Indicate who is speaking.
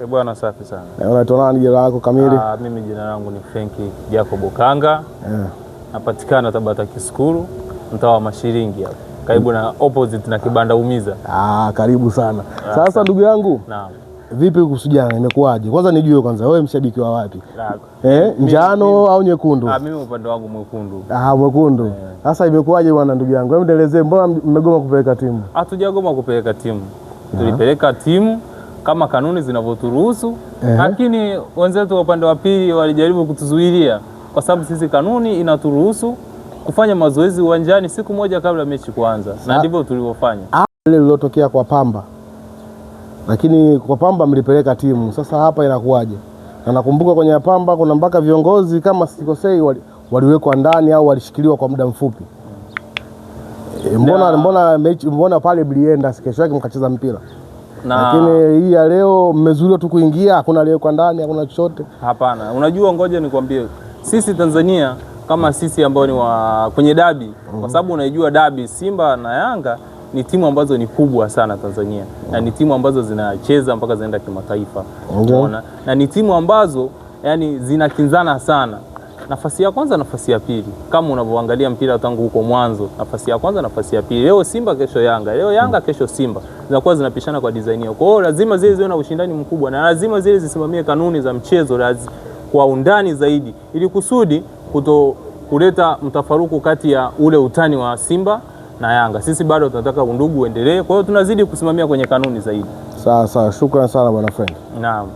Speaker 1: E bwana, safi sana.
Speaker 2: Eh, Unaitwa nani jina lako kamili?
Speaker 1: Ah, mimi jina langu ni Frenki Jacobo Kanga yeah. Napatikana Tabata Kisukuru, mtaa wa Mashiringi hapo karibu na opposite na kibanda Umiza.
Speaker 2: Ah, karibu sana ah, Sasa ndugu yangu naam. Vipi kusujana, imekuwaje? Kwanza nijue kwanza, wewe mshabiki wa wapi eh, njano mimi, au nyekundu?
Speaker 1: Ah, mimi upande wangu mwekundu.
Speaker 2: Ah, mwekundu. Eh. Sasa yeah. Imekuwaje bwana ndugu yangu, hebu nielezee, mbona mmegoma kupeleka timu?
Speaker 1: Hatujagoma kupeleka timu, ah. tulipeleka timu kama kanuni zinavyoturuhusu, lakini wenzetu wa upande wa pili walijaribu kutuzuilia, kwa sababu sisi kanuni inaturuhusu kufanya mazoezi uwanjani siku moja kabla mechi kuanza, na ah. ndivyo tulivyofanya.
Speaker 2: Ah, ile lilotokea kwa Pamba, lakini kwa Pamba mlipeleka timu, sasa hapa inakuwaje? Na nakumbuka kwenye Pamba kuna mpaka viongozi kama sikosei wali, waliwekwa ndani au walishikiliwa kwa muda mfupi. E, mbona, mbona, mbona pale mlienda kesho yake mkacheza mpira? na... lakini hii ya leo mmezuliwa tu kuingia, hakuna leo kwa ndani, hakuna chochote
Speaker 1: hapana. Unajua, ngoja nikwambie, sisi Tanzania kama sisi ambao ni wa kwenye dabi kwa mhm. sababu unaijua dabi, Simba na Yanga ni timu ambazo ni kubwa sana Tanzania na ni timu ambazo zinacheza mpaka zinaenda kimataifa mm na ni timu ambazo yani zinakinzana sana nafasi ya kwanza, nafasi ya pili, kama unavyoangalia mpira tangu huko mwanzo, nafasi ya kwanza, nafasi ya pili. Leo Simba, kesho Yanga, leo Yanga, mhm. kesho Simba zinakuwa zinapishana kwa design yao. Kwa hiyo lazima zile ziwe na ushindani mkubwa na lazima zile zisimamie kanuni za mchezo lazi, kwa undani zaidi, ili kusudi kuto kuleta mtafaruku kati ya ule utani wa Simba na Yanga. Sisi bado tunataka undugu uendelee, kwa hiyo tunazidi kusimamia kwenye kanuni zaidi.
Speaker 2: Sawa sawa, shukrani sana bwana friend.
Speaker 1: Naam.